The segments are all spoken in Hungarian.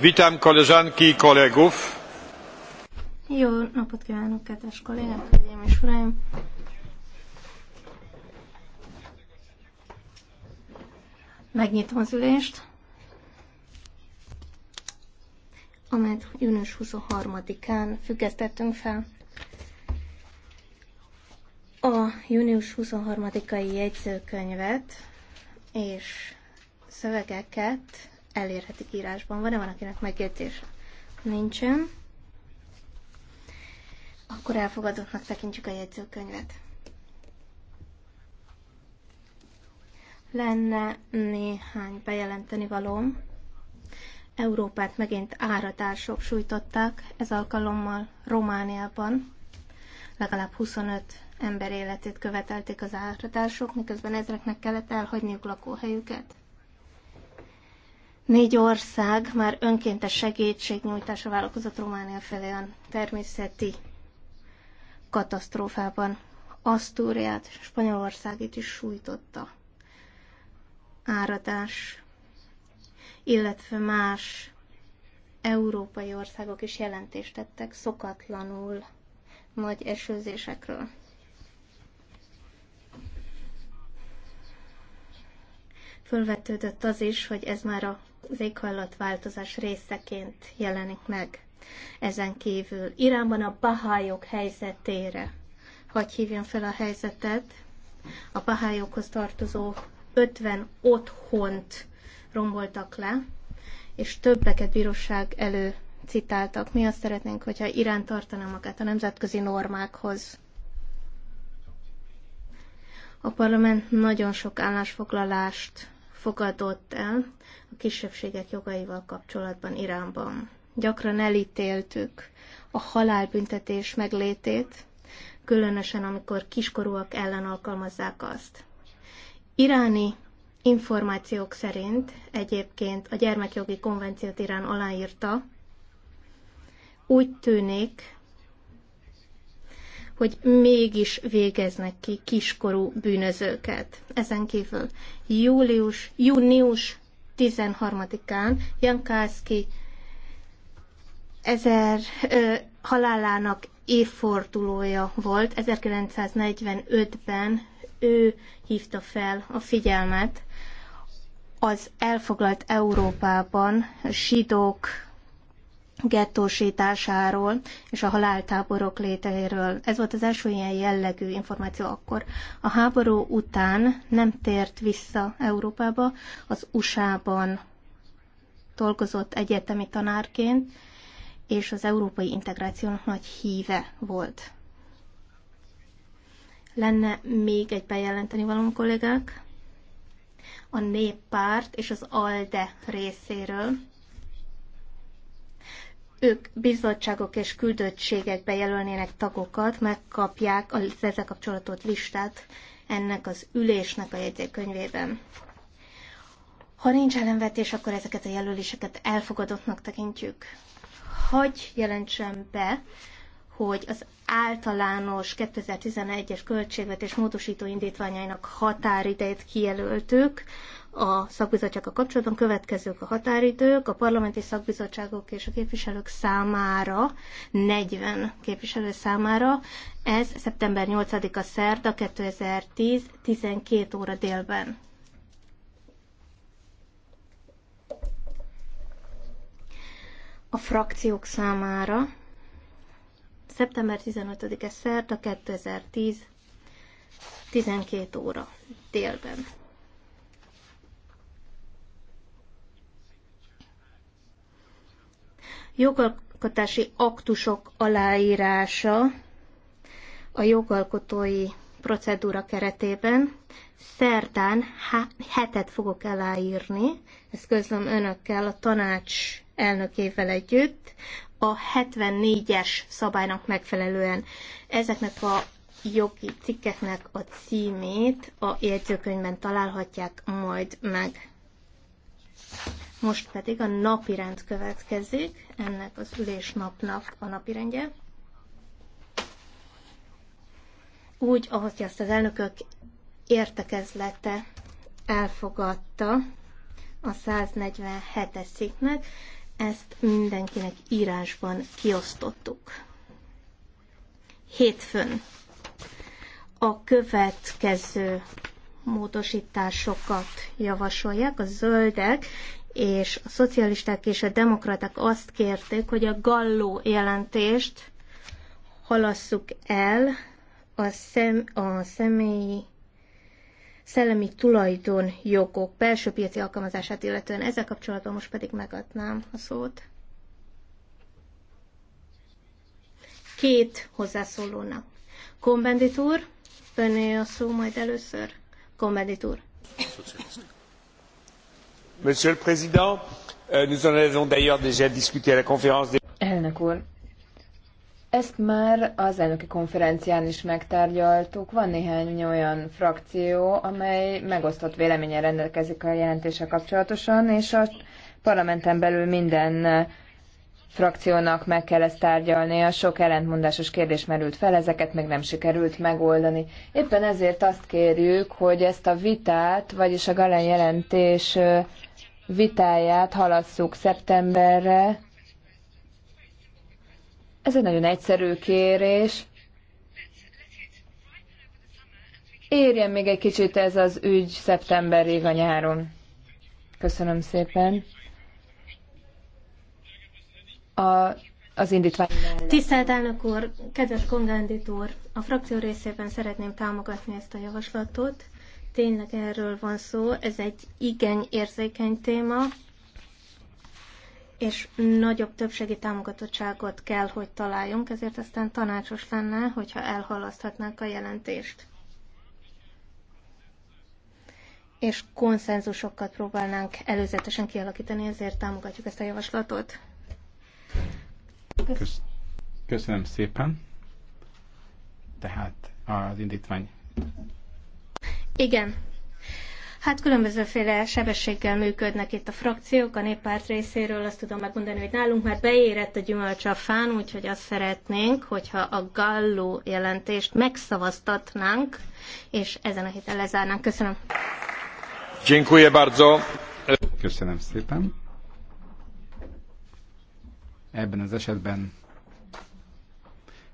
Witam koleżanki i kolegów. Jó napot kívánok, kedves kollégák, hölgyeim és uraim! Megnyitom az ülést, amelyet június 23-án függesztettünk fel. A június 23-ai jegyzőkönyvet és szövegeket elérhetik írásban. Van-e van, akinek megjegyzése? Nincsen. Akkor elfogadottnak tekintjük a jegyzőkönyvet. Lenne néhány bejelenteni valóm. Európát megint áradások sújtották, ez alkalommal Romániában. Legalább 25 ember életét követelték az áradások, miközben ezreknek kellett elhagyniuk lakóhelyüket. Négy ország már önkéntes segítségnyújtása vállalkozott Románia felé a természeti katasztrófában. Asztúriát, Spanyolországit is sújtotta áradás, illetve más európai országok is jelentést tettek szokatlanul nagy esőzésekről. Fölvetődött az is, hogy ez már a az éghajlatváltozás részeként jelenik meg. Ezen kívül Iránban a bahályok helyzetére, hogy hívjam fel a helyzetet, a bahályokhoz tartozó 50 otthont romboltak le, és többeket bíróság elő citáltak. Mi azt szeretnénk, hogyha Irán tartana magát a nemzetközi normákhoz. A parlament nagyon sok állásfoglalást fogadott el a kisebbségek jogaival kapcsolatban Iránban. Gyakran elítéltük a halálbüntetés meglétét, különösen amikor kiskorúak ellen alkalmazzák azt. Iráni információk szerint egyébként a gyermekjogi konvenciót Irán aláírta, úgy tűnik, hogy mégis végeznek ki kiskorú bűnözőket. Ezen kívül július, június 13-án Jankászki ezer ö, halálának évfordulója volt. 1945-ben ő hívta fel a figyelmet az elfoglalt Európában zsidók gettósításáról és a haláltáborok létejéről. Ez volt az első ilyen jellegű információ akkor. A háború után nem tért vissza Európába, az USA-ban dolgozott egyetemi tanárként, és az európai integrációnak nagy híve volt. Lenne még egy bejelenteni való kollégák? A néppárt és az ALDE részéről ők bizottságok és küldöttségekbe jelölnének tagokat, megkapják az ezzel kapcsolatot listát ennek az ülésnek a jegyzékönyvében. Ha nincs ellenvetés, akkor ezeket a jelöléseket elfogadottnak tekintjük. Hogy jelentsem be, hogy az általános 2011-es költségvetés módosító indítványainak határidejét kijelöltük, a szakbizottságok kapcsolatban következők a határidők, a parlamenti szakbizottságok és a képviselők számára, 40 képviselő számára, ez szeptember 8-a szerda 2010, 12 óra délben. A frakciók számára szeptember 15-e szerda 2010, 12 óra délben. jogalkotási aktusok aláírása a jogalkotói procedúra keretében. Szerdán hetet fogok aláírni, ezt közlöm önökkel a tanács elnökével együtt, a 74-es szabálynak megfelelően. Ezeknek a jogi cikkeknek a címét a jegyzőkönyvben találhatják majd meg. Most pedig a napirend következik, ennek az ülésnapnak a napirendje. Úgy, ahogy azt az elnökök értekezlete elfogadta a 147-es cikknek, ezt mindenkinek írásban kiosztottuk. Hétfőn a következő módosításokat javasolják. A zöldek és a szocialisták és a demokraták azt kérték, hogy a Galló jelentést halasszuk el a, szem, a személyi szellemi tulajdon jogok belső piaci alkalmazását illetően. Ezzel kapcsolatban most pedig megadnám a szót. Két hozzászólónak. Kombendit úr, öné a szó majd először. Kombedit Monsieur le Président, euh, nous en avons d'ailleurs déjà discuté à la conférence des... Elnök úr, ezt már az elnöki konferencián is megtárgyaltuk. Van néhány olyan frakció, amely megosztott véleményen rendelkezik a jelentése kapcsolatosan, és a parlamenten belül minden frakciónak meg kell ezt tárgyalnia, sok ellentmondásos kérdés merült fel, ezeket még nem sikerült megoldani. Éppen ezért azt kérjük, hogy ezt a vitát, vagyis a Galen jelentés vitáját halasszuk szeptemberre. Ez egy nagyon egyszerű kérés. Érjen még egy kicsit ez az ügy szeptemberig a nyáron. Köszönöm szépen a, az indítvány mellett. Tisztelt elnök úr, kedves kongándit úr, a frakció részében szeretném támogatni ezt a javaslatot. Tényleg erről van szó, ez egy igen érzékeny téma, és nagyobb többségi támogatottságot kell, hogy találjunk, ezért aztán tanácsos lenne, hogyha elhalaszthatnánk a jelentést. És konszenzusokat próbálnánk előzetesen kialakítani, ezért támogatjuk ezt a javaslatot. Köszönöm. köszönöm szépen. Tehát az indítvány. Igen. Hát különbözőféle sebességgel működnek itt a frakciók, a néppárt részéről azt tudom megmondani, hogy nálunk már beérett a gyümölcs a fán, úgyhogy azt szeretnénk, hogyha a Galló jelentést megszavaztatnánk, és ezen a héten lezárnánk. Köszönöm. Dziękuję bardzo. Köszönöm szépen. Ebben az esetben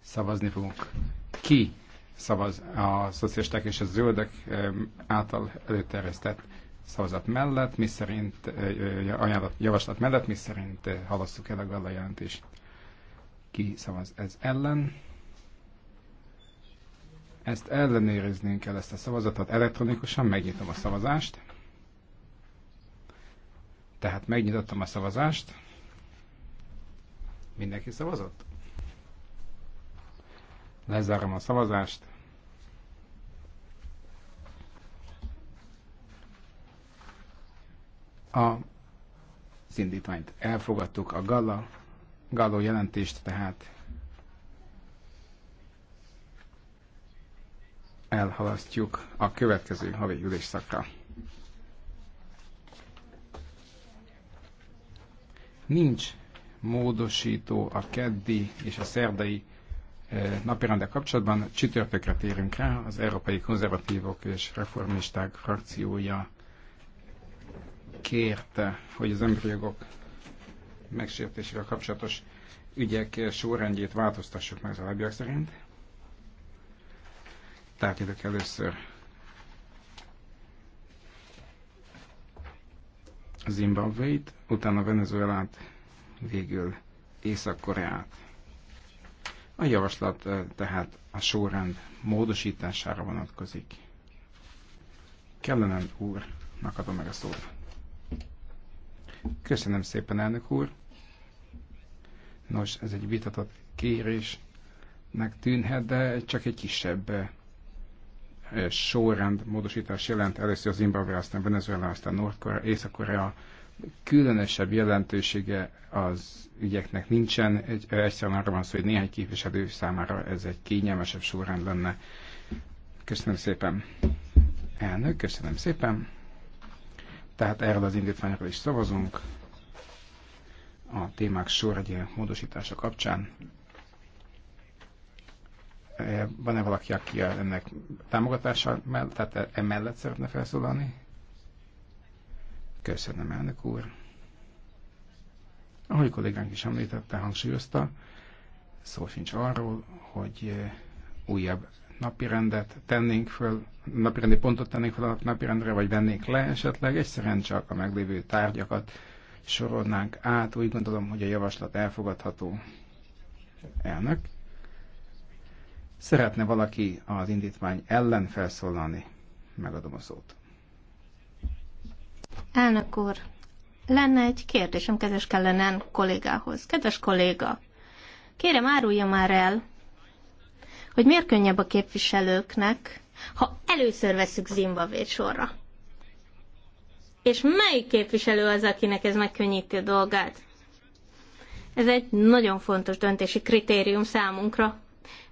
szavazni fogunk. Ki szavaz a szocialisták és a zöldek által előterjesztett szavazat mellett, mi szerint, ajánlat, javaslat mellett, mi szerint halasszuk el a gala jelentést. Ki szavaz ez ellen? Ezt ellenőriznünk kell ezt a szavazatot elektronikusan, megnyitom a szavazást. Tehát megnyitottam a szavazást. Mindenki szavazott? Lezárom a szavazást. A szindítványt elfogadtuk, a gala, Galló jelentést tehát elhalasztjuk a következő havi ülésszakra. Nincs módosító a keddi és a szerdai eh, napirendek kapcsolatban. Csütörtökre térünk rá, az Európai Konzervatívok és Reformisták frakciója kérte, hogy az emberi jogok megsértésével kapcsolatos ügyek sorrendjét változtassuk meg az alábbiak szerint. idők először t utána Venezuelát, végül Észak-Koreát. A javaslat tehát a sorrend módosítására vonatkozik. Kellenem úr, adom meg a szót. Köszönöm szépen, elnök úr. Nos, ez egy vitatott kérésnek tűnhet, de csak egy kisebb sorrend módosítás jelent. Először Zimbabwe, aztán Venezuela, aztán Észak-Korea, különösebb jelentősége az ügyeknek nincsen. Egy, egyszerűen arra van szó, hogy néhány képviselő számára ez egy kényelmesebb sorrend lenne. Köszönöm szépen. Elnök, köszönöm szépen. Tehát erről az indítványról is szavazunk a témák sorrendje módosítása kapcsán. Van-e valaki, aki ennek támogatása mellett, tehát e- emellett szeretne felszólalni? Köszönöm, elnök úr. Ahogy kollégánk is említette, hangsúlyozta, szó sincs arról, hogy eh, újabb napirendet tennénk föl, napirendi pontot tennénk fel a napirendre, vagy vennénk le esetleg, egyszerűen csak a meglévő tárgyakat sorolnánk át. Úgy gondolom, hogy a javaslat elfogadható. Elnök. Szeretne valaki az indítvány ellen felszólalni? Megadom a szót. Elnök úr, lenne egy kérdésem kedves kellenen kollégához. Kedves kolléga, kérem árulja már el, hogy miért könnyebb a képviselőknek, ha először veszük Zimbabvét sorra. És melyik képviselő az, akinek ez megkönnyíti a dolgát? Ez egy nagyon fontos döntési kritérium számunkra.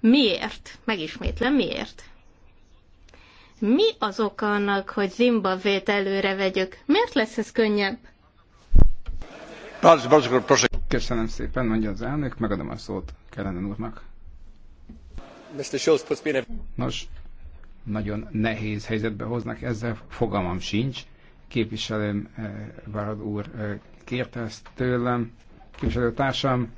Miért? Megismétlem, miért? Mi az oka annak, hogy Zimbabvét előre vegyük? Miért lesz ez könnyebb? Köszönöm szépen, mondja az elnök, megadom a szót kellene úrnak. Mr. Schulz Nos, nagyon nehéz helyzetbe hoznak, ezzel fogalmam sincs. Képviselőm eh, Várad úr eh, kérte ezt tőlem, képviselőtársam,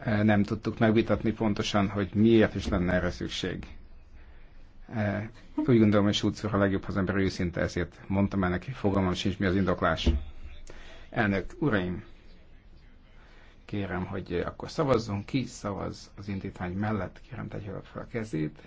eh, nem tudtuk megvitatni pontosan, hogy miért is lenne erre szükség. Eh, úgy gondolom, hogy Schulz a legjobb, ha az ember őszinte, ezért mondtam el neki, fogalmam sincs, mi az indoklás. Elnök, uraim, kérem, hogy akkor szavazzon, ki szavaz az indítvány mellett, kérem, tegye fel a kezét,